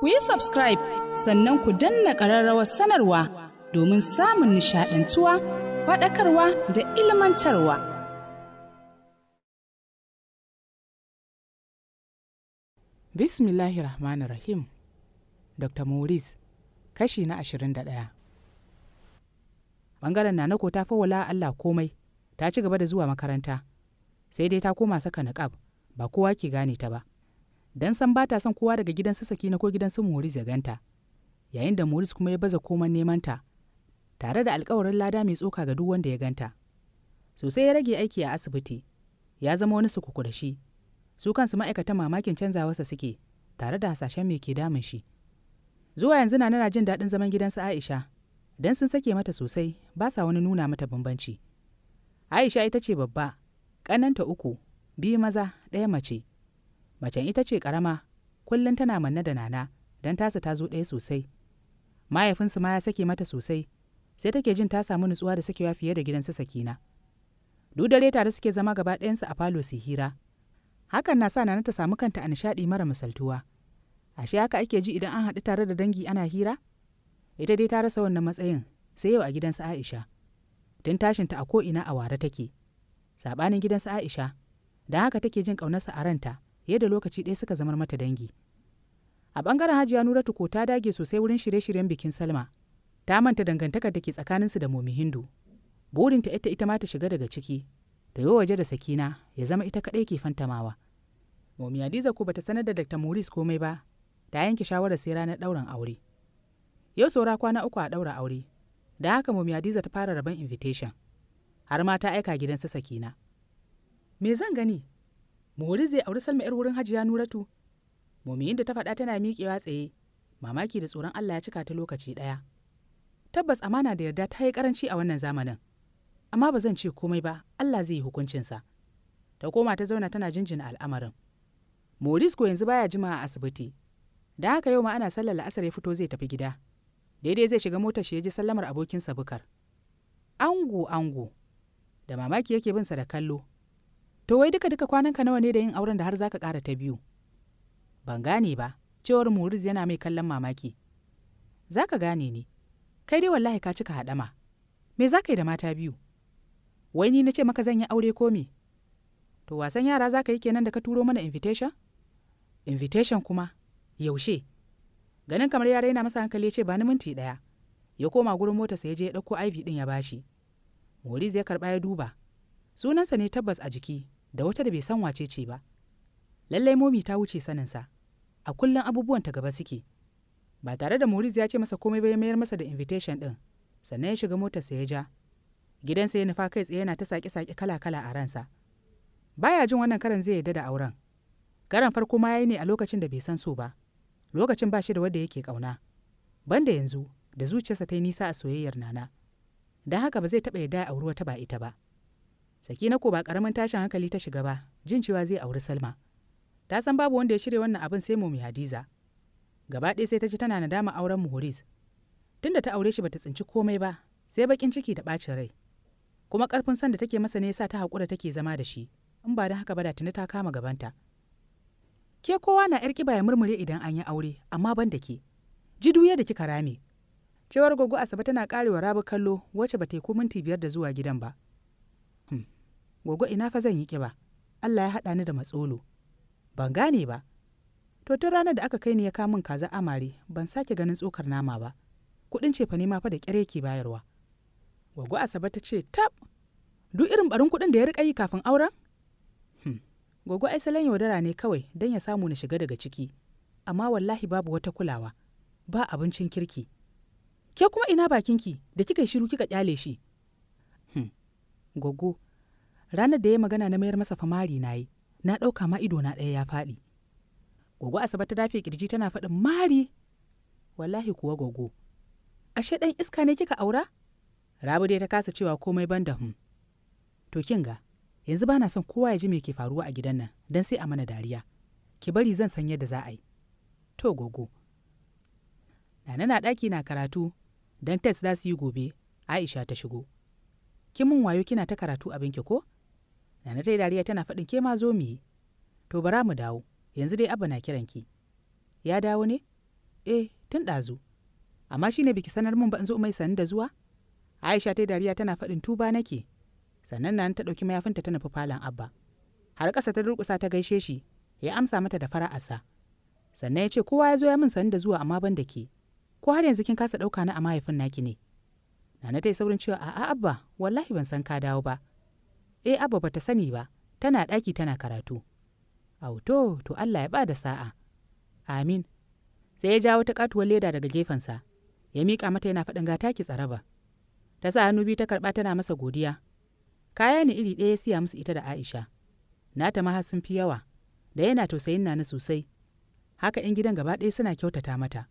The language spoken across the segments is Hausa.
ku yi subscribe sannan ku danna ƙararrawar sanarwa domin samun nishaɗantuwa faɗakarwa da ilmantarwa. Bismillahir Rahmanir Rahim Dr. Maurice kashi na ashirin da 21 Bangaren Nanako ta fawala Allah komai ta ci gaba da zuwa makaranta sai dai ta koma saka niƙab ba kowa ke gane ta ba. dan san ba ta son kowa daga gidan su sakina ko gidan su moris ya ganta yayin da moris kuma ya baza koman nemanta, tare da alkawarin lada mai tsoka ga duk wanda ya ganta sosai ya rage aiki a asibiti ya zama wani sukuku da shi su kansu ma'aikatan mamakin canzawarsa suke tare da hasashen me ke damun shi zuwa yanzu na nana jin daɗin zaman su aisha don sun sake mata sosai ba sa wani nuna mata bambanci aisha ita ce babba ƙananta uku biyu maza ɗaya mace macen ita ce ƙarama kullum tana manne da nana don tasa ta zo ɗaya sosai mahaifinsu ma ya sake mata sosai sai take jin ta samu nutsuwa da sakewa fiye da gidansa sakina duk dare tare suke zama gaba ɗayansu a falo su hira hakan na sa nana ta samu kanta a nishaɗi mara misaltuwa ashe haka ake ji idan an haɗu tare da dangi ana hira ita dai ta rasa wannan matsayin sai yau a gidansa aisha don tashinta a ko'ina a ware take saɓanin gidansa aisha don haka take jin ƙaunarsa a ranta da lokaci ɗaya suka zamar mata dangi a ɓangaren hajiya nuratu ko ta dage sosai wurin shirye-shiryen bikin salma ta manta dangantakar da ke tsakaninsu da momi hindu burinta ita ita ma ta shiga daga ciki da yi waje da sakina ya zama ita kaɗai ke fantamawa momi adiza ko bata sanar da dr maurice komai ba ta yanke shawarar sai ranar ɗaurin aure yau saura kwana uku a ɗaura aure da haka momi adiza ta fara rabon invitation har ma ta aika su sakina me zan gani Mori zai auri Salma ‘yar wurin Hajiya Nuratu. Momiyin da ta faɗa tana miƙewa tsaye, mamaki da tsoron Allah ya cika ta lokaci ɗaya. Tabbas amana da yarda ta yi ƙaranci a wannan zamanin, amma ba zan ce komai ba, Allah zai yi hukuncinsa. Ta koma ta zauna tana jinjina al'amarin. moris ko yanzu baya jima a asibiti, da haka yau ma ana sallar la'asar ya fito zai tafi gida. Daidai zai shiga motar shi ya ji sallamar abokinsa bukar. Ango ango, da mamaki yake bin sa da kallo, To wai duka duka kwananka nawa ne da yin auren da har zaka ƙara ta biyu? Ban gane ba, cewar Muriz yana mai kallon mamaki. Za ka gane ni, kai dai wallahi ka cika haɗama. Me za ka yi da mata biyu? Wai ni na ce maka zan yi aure ko me? To wasan yara za ka yi kenan da ka turo mana invitation? Invitation kuma, yaushe? Ganin kamar yara yana masa hankali ya ce ba ni minti ɗaya. Ya koma gurin motarsa ya je ya ɗauko IV ɗin ya bashi. Moriz ya karɓa ya duba. Sunansa ne tabbas a jiki, da wata da bai san wace ce ba lallai momi ta wuce saninsa a kullum abubuwan ta gaba suke ba tare da Maurice ya ce masa komai ba ya mayar masa da invitation din. sannan ya shiga motarsa ya ja gidansa ya nufa kai tsaye yana ta saƙe-saƙe kala-kala a ransa baya jin wannan karan zai yarda da auren karan farko ma yayi ne a lokacin da bai san so ba lokacin ba shi da wanda yake ƙauna banda yanzu da zuciyarsa ta yi nisa a soyayyar nana don haka ba zai taɓa yarda a auri wata ba ita ba sakina ko ba karamin tashin hankali ta shiga ba jin cewa zai auri salma ta san babu wanda ya shirya wannan abin sai mumi hadiza gaba ɗaya sai ta ji tana nadama auren muhuris tunda ta aure shi bata tsinci komai ba sai bakin ciki da ɓacin rai kuma ƙarfin son da take masa ne yasa ta haƙura take zama da shi in ba don haka ba da tuni ta kama gabanta ke kowa na yar kiba ya murmure idan an yi aure amma ban da ke ji duya da kika rame cewar gogo asabe tana karewa rabu kallo wacce ba ta yi minti biyar da zuwa gidan ba Hmm. gogo ina fa zan yi kiba allah ya haɗa ni da matsolo ban gane ba to tun ranar da aka kai ni ya kamun kaza amare ban sake ganin tsokar nama ba kuɗin cefa ne ma fa da ƙyare yake bayarwa gogo asabe ta ce tab duk irin barin kuɗin da ya riƙa yi kafin auren hmm. gogo ai salon yaudara ne kawai don ya samu na shiga daga ciki amma wallahi babu wata kulawa ba abincin kirki ke kuma ina bakinki da kika yi shiru kika kyale shi hmm. gogo ranar da ya magana na mayar masa famari na yi, na ɗauka ma ido na ɗaya ya faɗi. Gogo Asabar ta dafe kirji tana faɗin mari. Wallahi kuwa gogo Ashe ɗan iska ne kika aura? Rabu dai ta kasa cewa komai ban da hun hmm. To kin ga, yanzu bana son kowa ya ji me ke faruwa a gidan nan, dan sai a mana dariya. Ki bari zan san yadda za a yi. To gogo. Nana na ɗaki na karatu, don test za su yi gobe, Aisha ta shigo. Ki mun wayo kina ta karatu abinki ko nana ta dariya tana faɗin ke ma zo mu yi to bara mu dawo yanzu dai abba na ki. ya dawo ne eh tun ɗazu amma shi ne biki sanar mun ba in zo mai sanin da zuwa aisha ta dariya tana faɗin tuba nake sannan nan ta ɗauki mayafinta ta nufi falon abba har ƙasa ta durƙusa ta gaishe shi ya amsa mata da fara'arsa sannan ya ce kowa ya zo ya min sanin da zuwa amma ban da ke ko har yanzu kin kasa ɗauka ni a mahaifin naki ne Nana ta yi saurin cewa a'a abba wallahi ban san ka dawo ba. Eh abba bata sani ba tana ɗaki tana karatu. Auto to Allah ya ba da sa'a. Amin. Sai ya jawo wata katuwar leda daga gefensa ya miƙa mata yana faɗin gata ki tsaraba. Ta sa hannu biyu ta karɓa tana masa godiya. Kaya ne iri ɗaya ya siya musu ita da Aisha. Na ta maha sun fi yawa da yana tausayin Nana sosai. Haka in gidan gaba ɗaya suna kyautata mata.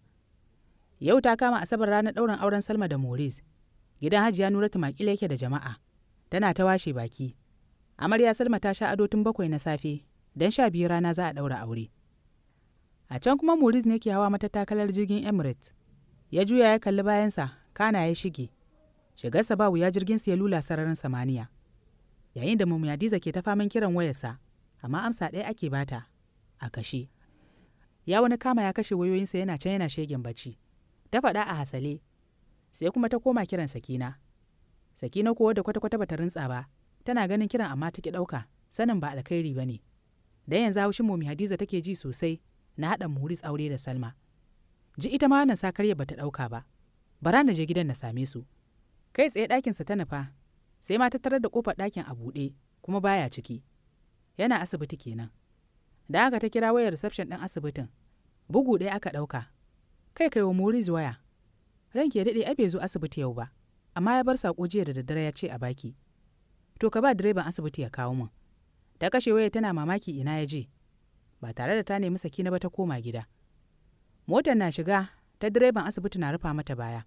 Yau ta kama Asabar ranar ɗaurin auren Salma da Maurice. gidan hajiya nuratu makila yake da jama'a tana ta washe baki amarya salma ta sha ado tun bakwai na safe don sha biyu rana za a ɗaura aure a can kuma Moris ne ke hawa takalar jirgin emirates ya juya ya kalli bayansa kana ya shige shigarsa ba wuya jirgin ya lula sararin samaniya yayin da mumuyadiza ke ta faman kiran wayarsa amma amsa ɗaya ake bata a kashe ya wani kama ya kashe wayoyinsa yana can yana shegen bacci ta faɗa a hasale sai kuma ta koma kiran sakina sakina kuwa da kwata-kwata bata rintsa ba tana ganin kiran amma ta ki ɗauka sanin ba alkhairi ba ne dan yanzu haushin momi hadiza take ji sosai na haɗa muris aure da salma ji ita ma wannan sakarya bata ɗauka ba bara na je gidan na same su kai tsaye ɗakinsa ta nufa sai ma ta tarar da ƙofar ɗakin a buɗe kuma baya ciki yana asibiti kenan da aka ta kira wayar reception ɗin asibitin bugu ɗaya aka ɗauka kai kai wa Muris waya ranki ya daɗe ai bai zo asibiti yau ba amma ya bar saƙo jiya da daddare ya ce a baki to ka ba direban asibiti ya kawo min ta kashe waya tana mamaki ina ya je ba tare da ta nemi saki na ba ta koma gida motar na shiga ta direban asibiti na rufa mata baya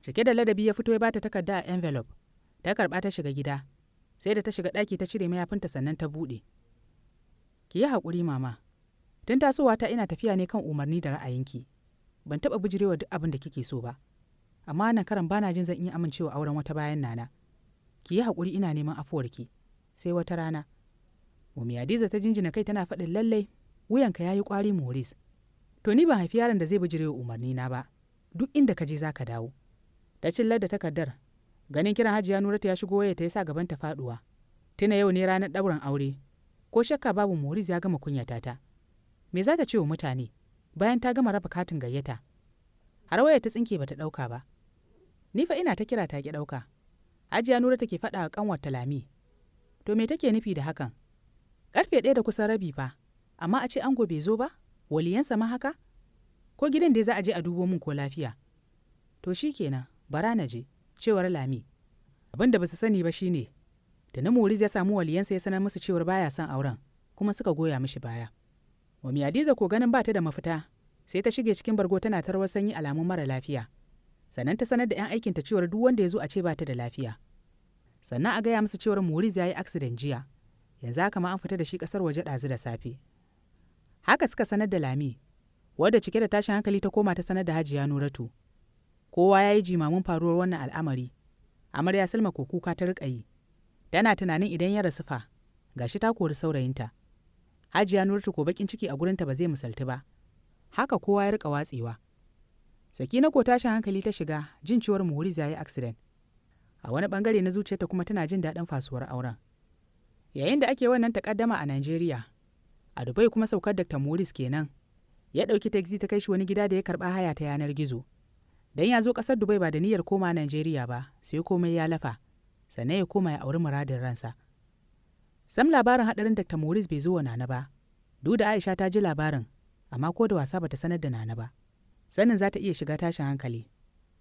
cike da ladabi ya fito ya bata takarda a envelope ta karba ta shiga gida sai da ta shiga ɗaki ta cire mayafinta sannan ta buɗe ki yi haƙuri mama tun tasowa ta ina tafiya ne kan umarni da ra'ayinki ban taɓa bijirewa duk abin da kike so ba amma nan karan bana jin zan iya amincewa auren wata bayan nana ki yi haƙuri ina neman ki. sai wata rana Mumi Hadiza ta jinjina kai tana faɗin lallai wuyanka ya yi ƙwari Moris. To ni ban haifi yaron da zai bijirewa umarni na ba, duk inda ka je za ka dawo. Ta cillar da takardar, ganin kiran Hajiya Nurata ya shigo waya ta ya sa gaban ta faɗuwa. Tuna yau ne ranar ɗaurin aure, ko shakka babu Moris ya gama kunyata ta. Me za ta ce wa mutane? bayan ta gama raba katin gayyata har waya ta tsinke bata ɗauka ba ni fa ina ta kira ta ki ɗauka ajiya nura take ke faɗawa kanwar talami to me take nufi da hakan karfe ɗaya da kusan rabi fa amma a ce ango bai zo ba waliyansa ma haka ko gidan dai za a je a dubo mun ko lafiya to shikenan bara na je cewar lami abin da su sani ba shine da na muriz ya samu waliyansa ya sanar musu cewar baya son auren kuma suka goya mishi baya Wami Hadiza ko ganin ba ta da mafita, sai ta shige cikin bargo tana tarwa sanyi alamun mara lafiya. Sannan ta sanar da 'yan aikinta cewar duk wanda ya zo a ce ba ta da lafiya. Sannan a gaya musu cewar moriz ya yi accident jiya, yanzu haka ma an fita da shi ƙasar waje ɗazu da safe. Haka suka sanar da Lami, wadda cike da tashin hankali ta koma ta sanar da Hajiya Nuratu. Kowa ya yi jimamin faruwar wannan al'amari. Amarya silma ko kuka ta riƙa yi. Tana tunanin idan ya rasu fa, gashi ta kori saurayinta. hajiya nurtu ko bakin ciki a gurinta ba zai misaltu ba haka kowa ya rika watsewa sakina ko tashin hankali ta shiga jin ciwar muhuri zai accident a wani bangare na zuciyarta kuma tana jin daɗin fasuwar auren yayin da ake wannan takaddama a Najeriya a Dubai kuma saukar Dr. Morris kenan ya ɗauki taxi ta kai shi wani gida da ya karba haya ta yanar gizo dan ya zo ƙasar Dubai ba da niyyar koma Najeriya ba sai komai ya lafa sannan ya koma ya auri muradin ransa. sam labarin hadarin dr Moris bai zo wa nana ba duk da aisha ta ji labarin amma ko da wasa bata sanar da nana ba sanin za ta iya shiga tashin hankali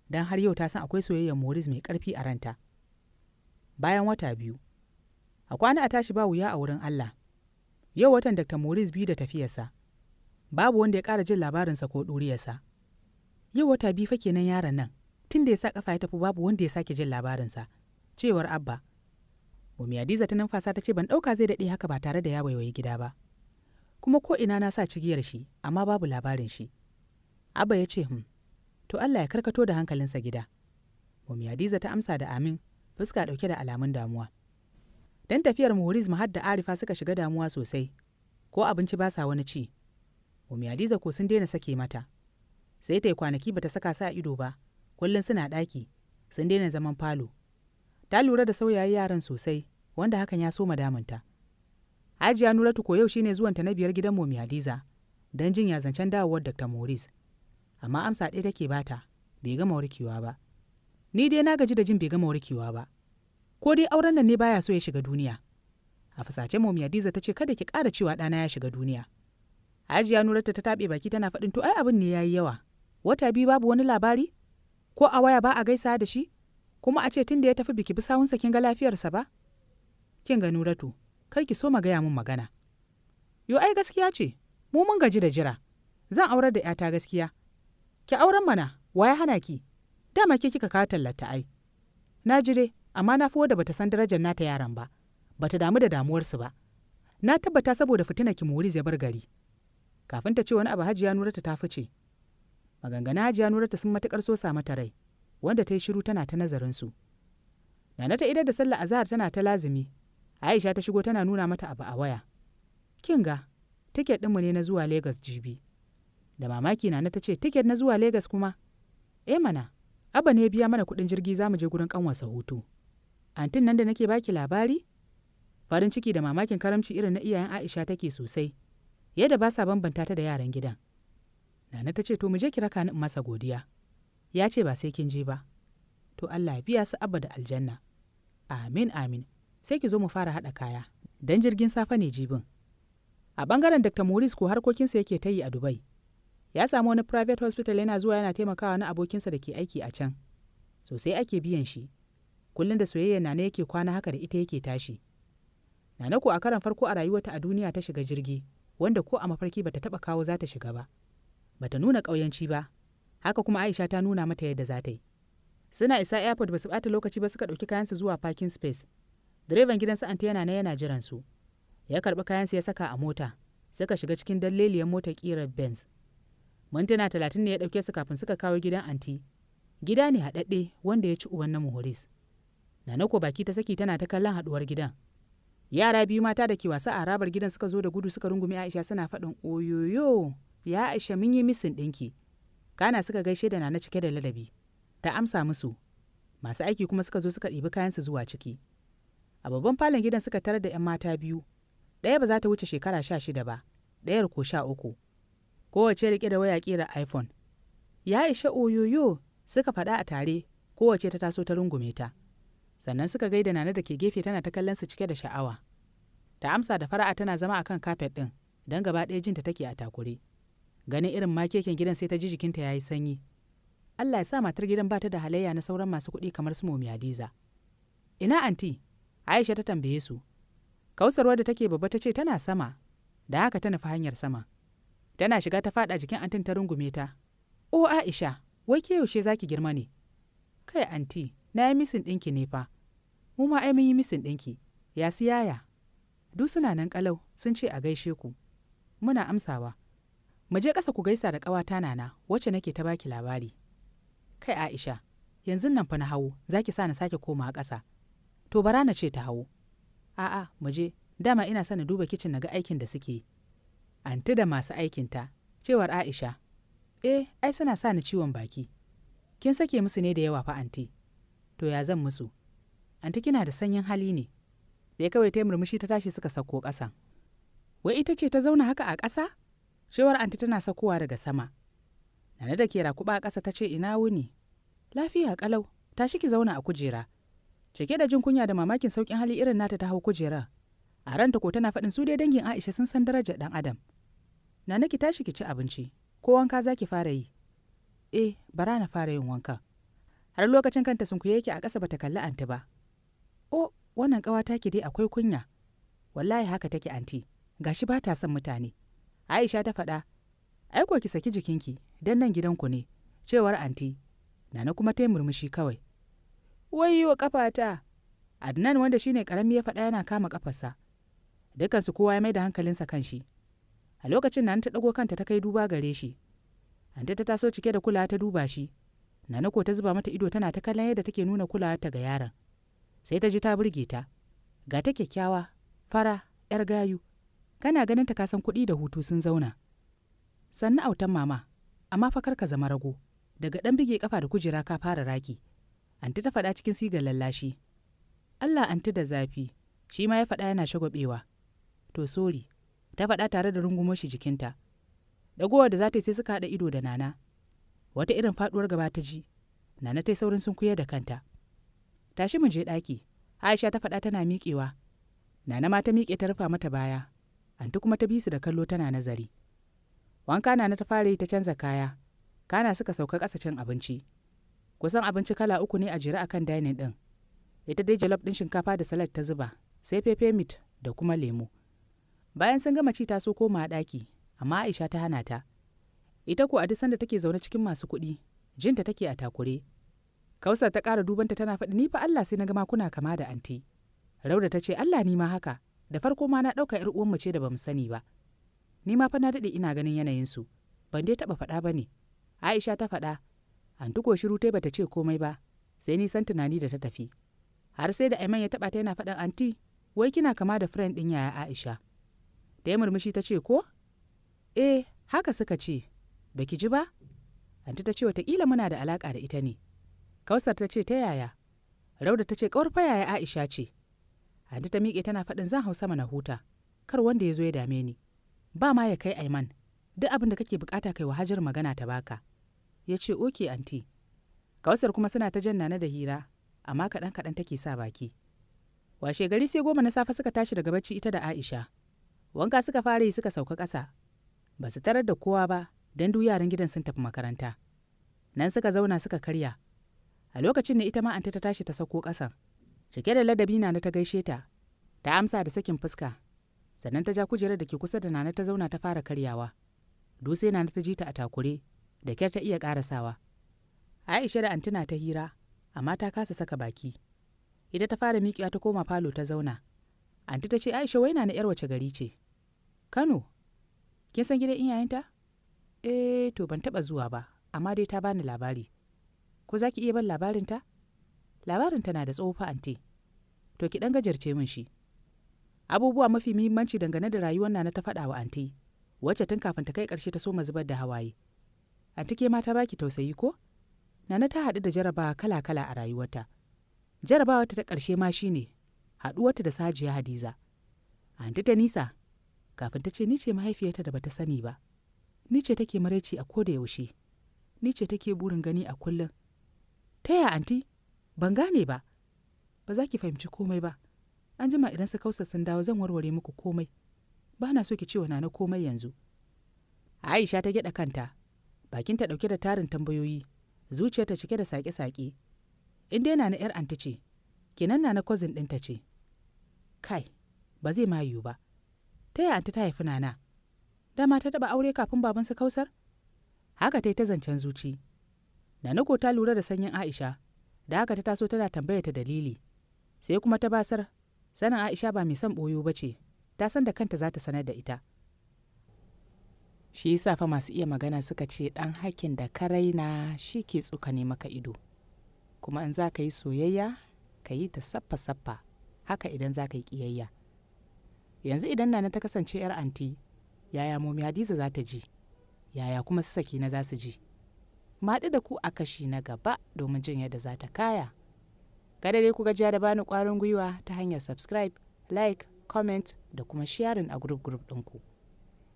don har yau ta san akwai soyayyar Moris mai ƙarfi a ranta bayan wata biyu a kwana a tashi ba wuya a wurin allah yau watan dr Moris biyu da tafiyarsa babu wanda ya ƙara jin labarinsa ko ɗuriyarsa yau wata biyu fa kenan yaron nan tun da ya sa ƙafa ya tafi babu wanda ya sake jin labarinsa cewar abba Mumi Hadiza ta numfasa ta ce ban ɗauka zai daɗe haka ba tare da ya waiwayi gida ba. Kuma ko ina na sa cigiyar shi, amma babu labarin shi. Abba ya ce, "Hm, to Allah ya karkato da hankalinsa gida." Mumi Hadiza ta amsa da amin, fuska ɗauke da alamun damuwa. Dan tafiyar Muhuriz Mahad da Arifa suka shiga damuwa sosai, ko abinci ba sa wani ci. Mumi Hadiza ko sun daina sake mata. Sai ta yi kwanaki bata saka sa ido ba, kullum suna ɗaki, sun daina zaman falo. Ta lura da sauyaye yaran sosai, wanda hakan ya so madamunta hajiya nuratu ko yau shine zuwanta na biyar gidan momi hadiza don jin ya zancen dawowar dr morris. amma amsa ɗaya take bata bai gama warkewa ba ni dai na gaji da jin bai gama warkewa ba ko dai auren nan ne baya so ya shiga duniya a fasace momi hadiza ta ce kada ki ƙara cewa ɗana ya shiga duniya hajiya nuratu ta taɓe baki tana faɗin to ai abin ne ya yi yawa wata biyu babu wani labari ko a waya ba a gaisa da shi kuma a ce tun da ya tafi biki bi sa kin ga lafiyarsa ba kin ga nuratu kar ki so ma gaya min magana yo ai gaskiya ce mu mun gaji da jira zan aurar da 'yata gaskiya ki auren mana ya hana ki dama ke kika kawo tallata ai na jire amma na fi da bata san darajar nata yaran ba bata damu da damuwarsu ba na tabbata saboda fitina ki mori zai bar gari kafin ta ce wani abu hajiya nurata ta fice maganganun hajiya nurata sun matukar so sa mata rai wanda ta yi shiru tana ta nazarin su nana ta idar da sallah azahar tana ta lazumi Aisha ta shigo tana nuna mata abu a waya. Kin ga, tiket ɗinmu ne na zuwa Legas jibi. Da mamaki na na ta ce, tiket na zuwa Legas kuma? E mana, Aba ne biya mana kuɗin jirgi za mu je gurin ƙanwa hutu. Antin nan da nake baki labari? Farin ciki da mamakin karamci irin na iyayen Aisha take sosai, yadda ba sa bambanta ta da yaran gidan. Nana ta ce, to mu je ki raka ni masa godiya. Ya ce ba sai kin je ba. To Allah biya su Abba da aljanna. Amin amin. sai ki zo mu fara haɗa kaya don jirgin safe ne jibin a ɓangaren dr maurice ko harkokinsa yake ta yi a dubai ya samu wani private hospital yana zuwa yana taimakawa na abokinsa da ke aiki a can sosai ake biyan shi kullum da soyayya nana yake kwana haka da ita yake tashi nana ko a karan farko a rayuwarta a duniya ta shiga jirgi wanda ko a mafarki bata taɓa kawo za ta shiga ba bata nuna ƙauyanci ba haka kuma aisha ta nuna mata yadda za ta yi suna isa airport basu bata lokaci ba suka ɗauki kayansu zuwa parking space direban gidan su anti yana na yana jiran su ya karɓi kayansa ya saka a mota suka shiga cikin dalleliyar motar kira benz mintuna talatin ne ya dauke su kafin suka kawo gidan anti gida ne haɗaɗɗe wanda ya ci uban na muhuris nanako baki ta saki tana ta kallon haɗuwar gidan yara biyu mata da ke wasa a rabar gidan suka zo da gudu suka rungumi aisha suna faɗin oyoyo ya aisha mun yi misin ɗinki kana suka gaishe da nana cike da ladabi ta amsa musu masu aiki kuma suka zo suka ɗibi kayansu zuwa ciki a babban falon gidan suka tarar da 'yan mata biyu ɗaya ba za ta wuce shekara sha shida ba ɗayar ko sha uku kowace rike da waya ƙera iphone ya isha oyoyo suka faɗa a tare kowace ta taso ta rungume ta sannan suka gaida nana da ke gefe tana ta kallon su cike da sha'awa ta amsa da fara'a tana zama a kan kafet ɗin don gaba ɗaya jinta take a takure ganin irin makeken gidan sai ta ji jikinta ya yi sanyi Allah ya sa matar gidan ba ta da halayya na sauran masu kuɗi kamar su Momi Hadiza. Ina anti, aisha ta tambaye su kausar wadda take babba ta ce tana sama da haka ta nufi hanyar sama tana shiga ta faɗa jikin antin ta rungume ta o aisha wai ke yaushe zaki girma ne kai anti na yi misin ɗinki ne fa mu ma ai mun yi misin ɗinki ya si yaya duk suna nan kalau sun ce a gaishe ku muna amsawa mu je ƙasa ku gaisa da ƙawata nana wacce nake ta baki labari kai aisha yanzu nan fa na hawo zaki sa na sake koma ƙasa to bara na ce ta hau. a'a mu je dama ina son duba kicin na ga aikin da suke anti da masu aikinta cewar aisha eh ai suna sa ni ciwon baki kin sake musu ne da yawa fa anti to ya zan musu anti kina da sanyin hali ne sai kawai ta murmushi ta tashi suka sako ƙasan wai ita ce ta zauna haka a ƙasa cewar anti tana sakowa daga sama nana da ke rakuɓa ƙasa ta ce ina wuni lafiya ƙalau tashi ki zauna a kujera cike da jin kunya da mamakin saukin hali irin nata ta hau kujera a ran ta ko tana faɗin su dai dangin aisha sun san darajar dan adam nana ki tashi ki ci abinci ko wanka za ki fara yi eh bara na fara yin wanka har lokacin kanta sun kuye yake a ƙasa bata kalli anti ba oh wannan ƙawata ki dai akwai kunya wallahi haka take anti gashi ba ta son mutane aisha ta faɗa aiko ki saki jikinki Dan nan gidanku ne cewar anti nana kuma ta yi murmushi kawai Wai wayyo kafata adnan wanda shine karami ya faɗa yana kama kafarsa dukansu kowa ya mai da hankalinsa kan shi a lokacin Nana ta ɗago kanta ta kai duba gare shi anta ta taso cike da kulawa ta duba shi nana ko ta zuba mata ido tana ta kallon yadda take nuna kulawa ta ga yaron sai ta ji ta burge ta ga ta kyakkyawa fara yar gayu kana ganin ta kasan kuɗi da hutu sun zauna sannu autan mama amma fa ka zama rago daga ɗan bige kafa da kujera ka fara raki Anti ta faɗa cikin sigar lallashi. Allah anti da zafi, shi ma ya faɗa yana shagwabewa. To sori, ta faɗa tare da rungumo shi jikinta. Dagowa da za ta yi sai suka haɗa ido da Nana. Wata irin faɗuwar gaba ta ji, Nana ta yi saurin kuya da kanta. Tashi mu je ɗaki, Aisha ta faɗa tana miƙewa. Nana ma ta miƙe ta rufa mata baya, anti kuma ta bi su da kallo tana nazari. Wanka Nana ta fara yi ta canza kaya, kana suka sauka ƙasa cin abinci. kusan abinci kala uku ne a jere kan dainin ɗin. ita dai jalof din shinkafa da salad ta zuba sai fefe meat da kuma lemu bayan sun gama ci ta so koma ɗaki amma aisha ta hana ta ita ko a duk sanda take zaune cikin masu kuɗi jinta take a takure kausa ta ƙara dubanta tana faɗi ni fa allah sai na gama kuna kama da anti rauda ta ce allah ni ma haka da farko ma na ɗauka ‘yar mu ce da bamu sani ba. Ni ma fa na daɗe ina ganin yanayinsu, ban dai taɓa faɗa ba ne. Aisha ta faɗa, Antiko shiru tai bata ce komai ba, sai nisan tunani da ta tafi. Har sai da Aiman ya taɓa ta yana faɗin anti, wai kina kama da friend ɗin yaya Aisha. Da ya murmushi ta ce ko? Eh, haka suka ce, baki ji ba? Anti ta ce watakila muna da alaƙa da ita ne. Kausar ta ce ta yaya? Rauda ta ce kawar fa yaya Aisha ce. Anti ta miƙe tana faɗin zan hau sama na huta, kar wanda ya zo ya dame ni. Ba ma ya kai Aiman, duk abin da kake bukata kai wa Hajar magana ta baka. ya ce oke anti kawasar kuma suna ta jan nana da hira amma kaɗan kaɗan take sa baki washe gari sai goma na safe suka tashi daga bacci ita da aisha wanka suka fara yi suka sauka ƙasa ba su tarar da kowa ba don du yaran gidan sun tafi makaranta nan suka zauna suka karya a lokacin ne ita ma anta ta tashi ta sauko ƙasan cike da ladabi na ta gaishe ta ta amsa da sakin fuska sannan ta ja kujerar da ke kusa da nana ta zauna ta fara karyawa sai nana ta ji ta a takure da kyar ta iya ƙarasawa aisha da antuna ta hira amma ta kasa saka baki ita ta fara miƙewa ta koma falo ta zauna anti ta ce aisha waina na 'yar wace gari ce kano kin san gidan iyayenta eh to ban taɓa zuwa ba amma dai ta bani labari ko za ki iya ban labarinta labarinta na da tsofa anti to ki ɗan gajarce min shi abubuwa mafi muhimmanci dangane da rayuwar na ta faɗa wa anti wacce tun kafin ta kai ƙarshe ta so zubar da hawaye antike ma ta baki tausayi ko nana ta haɗu da jarabawa kala-kala a rayuwarta jarabawa ta ƙarshe ma shine haɗuwarta da sajiya hadiza anti ta nisa kafin ta ce ni ce mahaifiyarta da bata sani ba ni ce take maraici a ko da yaushe ni ce take burin gani a kullum ta ya anti ban gane ba ba za ki fahimci komai ba an jima idan su kausa sun dawo zan warware muku komai ba na so ki ce wa nana komai yanzu aisha ta gyaɗa kanta bakinta ɗauke da tarin tambayoyi zuciyarta cike da saƙe-saƙe in dai na na 'yar anti ce kenan na na cousin ɗinta ce kai ba zai ma yiwu ba ta yi anti ta haifi nana dama ta taɓa aure kafin baban babansu kausar haka ta yi ta zancen zuci ko ta lura da sanyin Aisha, da haka ta taso tana tambaya ta dalili. Sai kuma ta basar, sanin Aisha ba mai son ɓoyo ba ce, ta san da kanta za ta sanar da ita. shi yasa fa masu iya magana suka ce ɗan hakin da ka raina shi ke tsukane maka ido kuma in za ka yi soyayya ka yi ta saffa-saffa haka idan za ka yi ƙiyayya yanzu idan nana ta kasance 'yar anti yaya momi hadiza za ta ji yaya kuma su saki na za su ji maɗi da ku a kashi na gaba domin jin yadda za ta kaya kada dai ku gajiya da bani ƙwarin gwiwa ta hanyar subscribe like comment da kuma sharing a group group ɗinku.